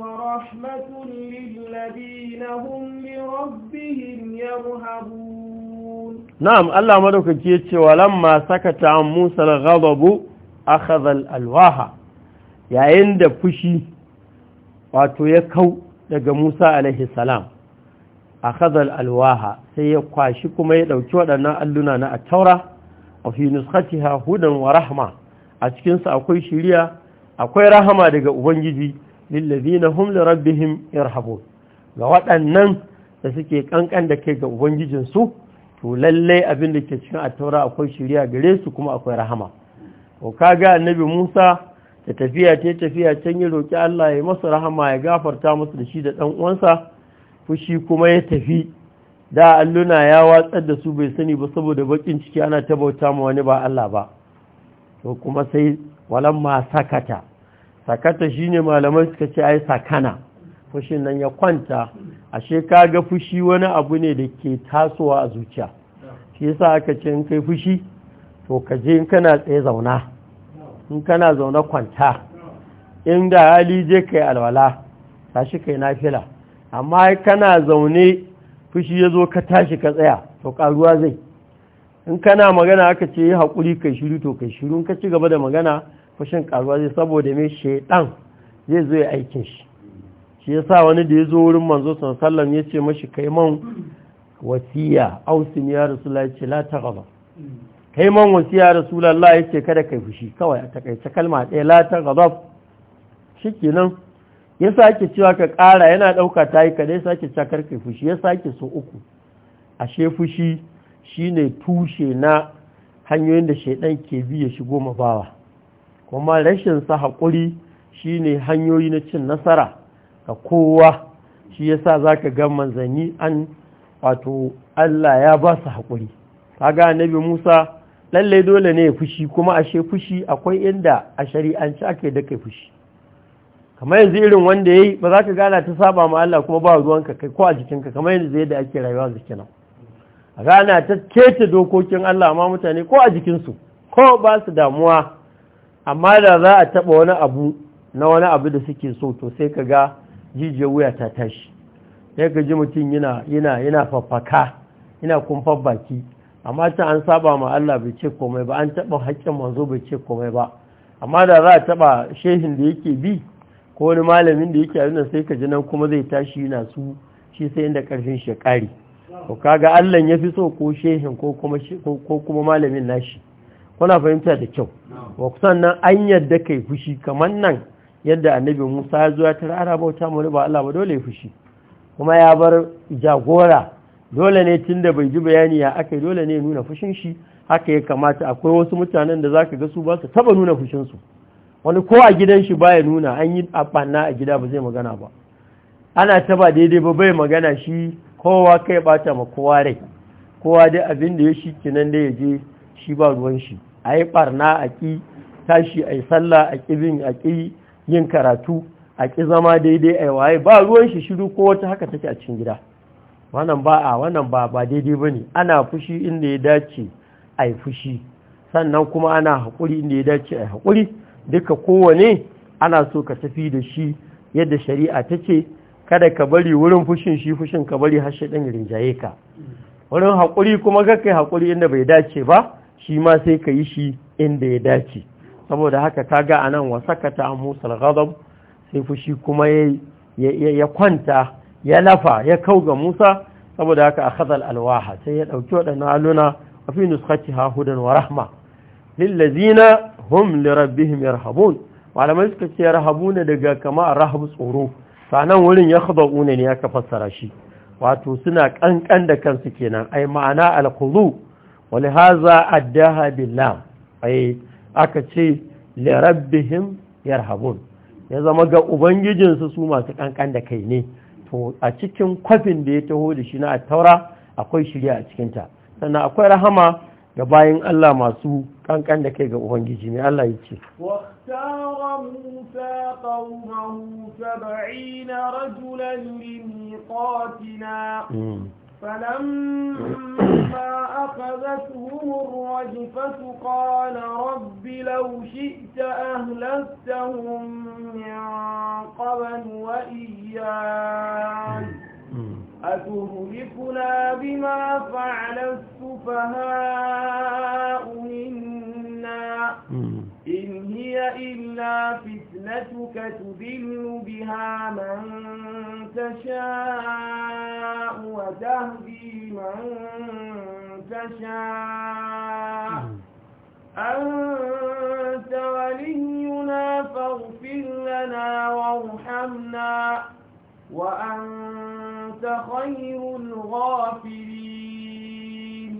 ورحمة للذين هم لربهم يرهبون نعم الله مدوك كيتش ولما سكت عن موسى الغضب akhazal alwaha yayin da fushi wato ya kau daga Musa alaihi salam akhazal alwaha sai ya kwashi kuma ya dauki waɗannan alluna na at-taura a fi nuskhatiha hudan wa rahma a cikin su akwai shiriya akwai rahama daga ubangiji lillazina hum li rabbihim irhabun ga waɗannan da suke kankan da kai ga ubangijinsu to lallai abin da ke cikin at akwai shiriya gare su kuma akwai rahama ko ga annabi Musa da tafiya ta tafiya can ya roki Allah ya masa rahama ya gafarta masa da shi da ɗan uwansa fushi kuma ya tafi da alluna ya watsar da su bai sani ba saboda bakin ciki ana ta bauta ma wani ba Allah ba to kuma sai walamma sakata sakata shine malamai suka ce ai sakana fushin nan ya kwanta ashe ka ga fushi wani abu ne da ke tasowa a zuciya shi yasa aka ce in kai fushi to ka je in kana tsaye zauna in kana zaune kwanta inda hali je kai alwala tashi kai nafila amma kana zaune fushi ya zo ka tashi ka tsaya to karuwa zai in kana magana aka ce yi haƙuri kai shiru to kai shiru in ka ci gaba da magana fushin karuwa zai saboda mai shaidan zai zo ya aikin shi shi yasa wani da ya zo wurin manzo sallam ya ce mashi kai man wasiya ausin ya rasu kai man wasiya ya ce kada kai fushi kawai a takaice kalma ɗaya latar ta ghadab shikenan ya sake cewa ka ƙara yana ɗauka ta yi ya sake cakar kai fushi ya sake so uku ashe fushi shine tushe na hanyoyin da shaidan ke bi ya shigo mabawa kuma rashin sa haƙuri shine hanyoyi na cin nasara ga kowa shi ya sa za ka ga manzanni an wato Allah ya ba su haƙuri kaga annabi Musa lallai dole ne fushi kuma ashe fushi akwai inda a shari'anci ake da kai fushi kamar yanzu irin wanda yayi ba za ka gana ta saba ma Allah kuma ba ruwanka kai ko a jikinka kamar yanzu yadda ake rayuwa a kenan gana ta keta dokokin Allah ma mutane ko a jikinsu ko ba su damuwa amma da za a taba wani abu na wani abu da suke so to sai ka ga jijiyar wuya ta tashi sai ka ji mutum yana yana yana faffaka yana kumfar baki amma ta an saba ma Allah bai ce komai ba an taɓa haƙƙin manzo bai ce komai ba amma da za a taɓa shehin da yake bi ko wani malamin da yake a sai ka ji nan kuma zai tashi yana su shi sai inda ƙarfin shi ƙare to kaga Allah ya fi so ko shehin ko kuma ko kuma malamin nashi kuna fahimta da kyau wa sannan an yadda kai fushi kamar nan yadda annabi Musa ya zo ya tara bauta mu ba Allah ba dole ya fushi kuma ya bar jagora dole ne tun da bai ji bayani ya aka yi dole ne nuna fushin shi haka ya kamata akwai wasu mutanen da za ka ga su ba su taba nuna su wani ko a gidan shi baya nuna an yi abanna a gida ba zai magana ba ana taba daidai ba bai magana shi kowa kai bata ma kowa rai kowa dai abin da ya shi kinan da ya je shi ba ruwan shi a yi barna a ƙi tashi a yi sallah a ƙi bin a ƙi yin karatu a ƙi zama daidai a yi waye ba ruwan shi shiru ko wata haka take a cikin gida wannan ba a wannan ba ba daidai ba ne ana fushi inda ya dace a yi fushi sannan kuma ana haƙuri inda ya dace a yi haƙuri duka kowane ana so ka tafi da shi yadda shari'a ta ce kada ka bari wurin fushin shi fushin ka bari har shaɗin rinjaye ka wurin haƙuri kuma ga kai haƙuri inda bai dace ba shi ma sai ka yi shi inda ya dace saboda haka ka ga anan wasakata amhusal ghadab sai fushi kuma ya kwanta ya lafa ya kau ga Musa saboda haka a al-alwaha sai ya dauki wadannan aluna a fi ha hudan wa rahma lillazina hum li rabbihim yarhabun malamai suka ce yarhabuna daga kama rahab tsoro sanan wurin yakhda'una ne aka fassara shi wato suna kankan da kansu kenan ai ma'ana al-khudhu wa lihaza addaha billah ai aka ce li rabbihim yarhabun ya zama ga ubangijinsu su masu kankan da kai ne to a cikin kwafin da ya taho da shi na taura akwai shirya a cikinta sannan akwai rahama ga bayan Allah masu kankan da kai ga Ubangiji ne Allah ya ce. Waktara Musa ƙaunahu saba'ina فلما أخذتهم الرجفة قال رب لو شئت أهلكتهم من قبل وإياي أتهلكنا بما فعل السفهاء منا إن هي إلا فتنتك تذل بها من تشاء وتهدي من تشاء أنت ولينا فاغفر لنا وارحمنا وأنت خير الغافرين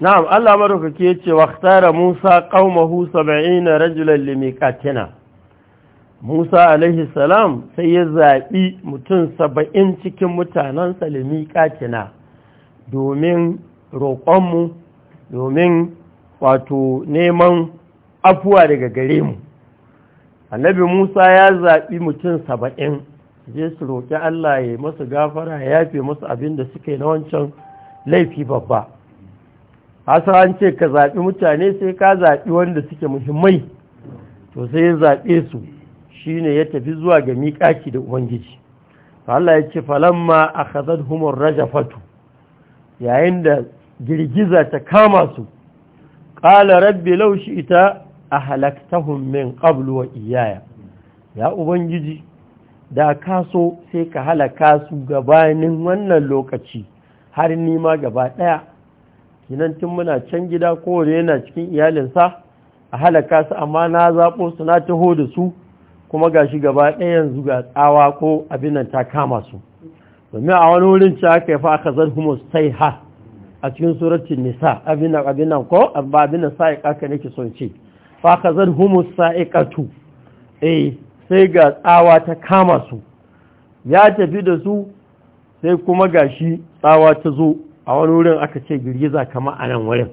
na'am Allah madaukake yace waqtara Musa qaumahu 70 rajulan limiqatina Musa alaihi salam sai ya zaɓi mutum saba'in cikin mutanansa limiqatina domin roƙonmu domin wato neman afuwa daga gare mu annabi Musa ya zaɓi mutum saba'in je su roƙi Allah ya masu gafara ya yafe masu abin da suka yi na wancan laifi babba hasa an ce ka zaɓi mutane sai ka zaɓi wanda suke muhimmai to sai ya zaɓe su shine ya tafi zuwa ga miƙaki da ubangiji Allah ya ce falamma akhadhahum ar-rajafatu yayin da girgiza ta kama su Ƙala rabbi laushi ita a min qablu wa iyaya ya ubangiji da ka so sai ka halaka su gabanin wannan lokaci har nima gaba ɗaya. kinan tun muna can gida kowane yana cikin iyalinsa a halaka su amma na zaɓo su na taho da su kuma ga shi gaba ɗaya yanzu ga tsawa ko abin nan ta kama su domin a wani wurin ci aka yafa aka zan humus sai ha a cikin suratun nisa abin nan ko ba abin nan sa'iƙa aka nake son ce fa ka zan humus ƙatu eh sai ga tsawa ta kama su ya tafi da su sai kuma gashi tsawa ta zo a wani wurin aka ce girgiza kama a nan wurin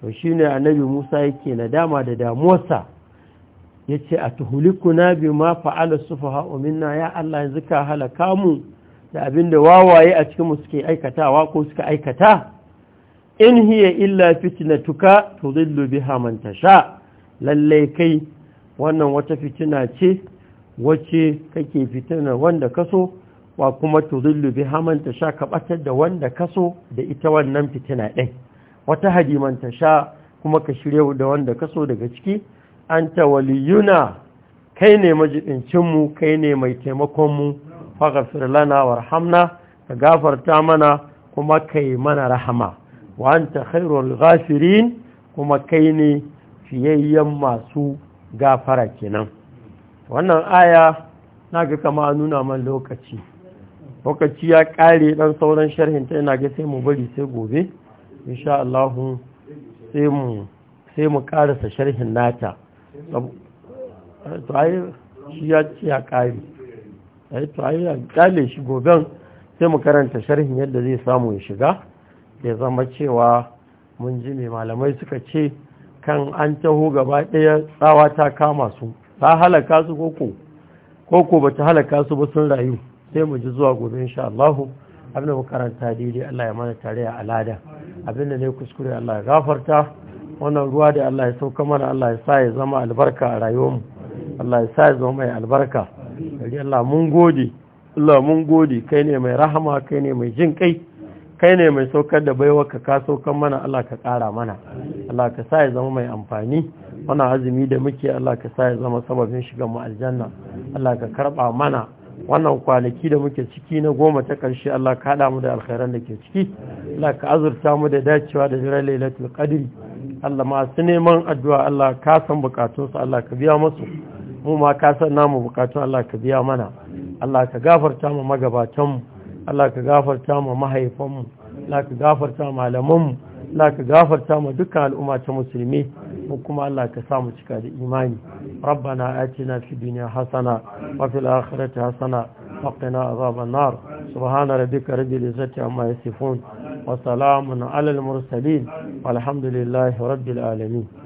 to shi ne annabi musa yake nadama da damuwarsa ya ce a tuhulikuna bi ma fa'ala sufaha minna ya Allah yanzu ka halaka mu da abinda wawaye a cikinmu mu suke aikatawa ko suka aikata in hiya illa fitina tuka to biha man tasha lalle kai wannan wata fitina ce wacce kake fitina wanda kaso wa kuma tuzillu bi haman ta sha ka ɓatar da wanda kaso da ita wannan fitina ɗin wata hadiman ta sha kuma ka shirya da wanda kaso daga ciki an ta waliyuna kai ne majibincinmu kai ne mai taimakonmu faghfir lana warhamna ka gafarta mana kuma kai mana rahama wa anta khairul ghafirin kuma kai ne fiyayyen masu gafara kenan wannan aya na ga kama nuna man lokaci lokaci ya kare ɗan sauran sharhin ta ina ga sai mu bari sai gobe insha Allah sai mu sai mu karasa sharhin nata to ai shi ya ci ya kare ai to ai ya kare shi goben sai mu karanta sharhin yadda zai samu ya shiga ya zama cewa mun ji mai malamai suka ce kan an taho gaba daya tsawa ta kama su ta halaka su koko koko ba ta halaka su ba sun rayu sai mu ji zuwa gobe insha Allah abin mu karanta daidai Allah ya mana tare a alada abin da ne kuskure Allah ya gafarta wannan ruwa da Allah ya sauka mana Allah ya sa ya zama albarka a mu Allah ya sa ya zama mai albarka gari Allah mun gode Allah mun gode kai ne mai rahama kai ne mai jin kai kai ne mai saukar da baiwa ka ka saukan mana Allah ka kara mana Allah ka sa ya zama mai amfani wannan azumi da muke Allah ka sa ya zama sababin shiga mu aljanna Allah ka karba mana wannan kwanaki da muke ciki na goma ta ƙarshe Allah ka haɗa mu da alkhairan da ke ciki Allah ka azurta mu da dacewa da jiran lailatul qadri Allah masu neman addu'a Allah ka san su Allah ka biya musu mu ma ka san namu bukatun Allah ka biya mana Allah ka gafarta mu magabatanmu Allah ka gafarta mu mahaifanmu Allah ka gafarta malamanmu Allah ka gafarta mu dukkan al'umma ta musulmi mu kuma Allah ka sa mu cika da imani rabbana atina fid dunya hasana wa fil akhirati hasana wa qina azaban nar subhana rabbika rabbil izzati amma yasifun wa salamun alal mursalin walhamdulillahi rabbil alamin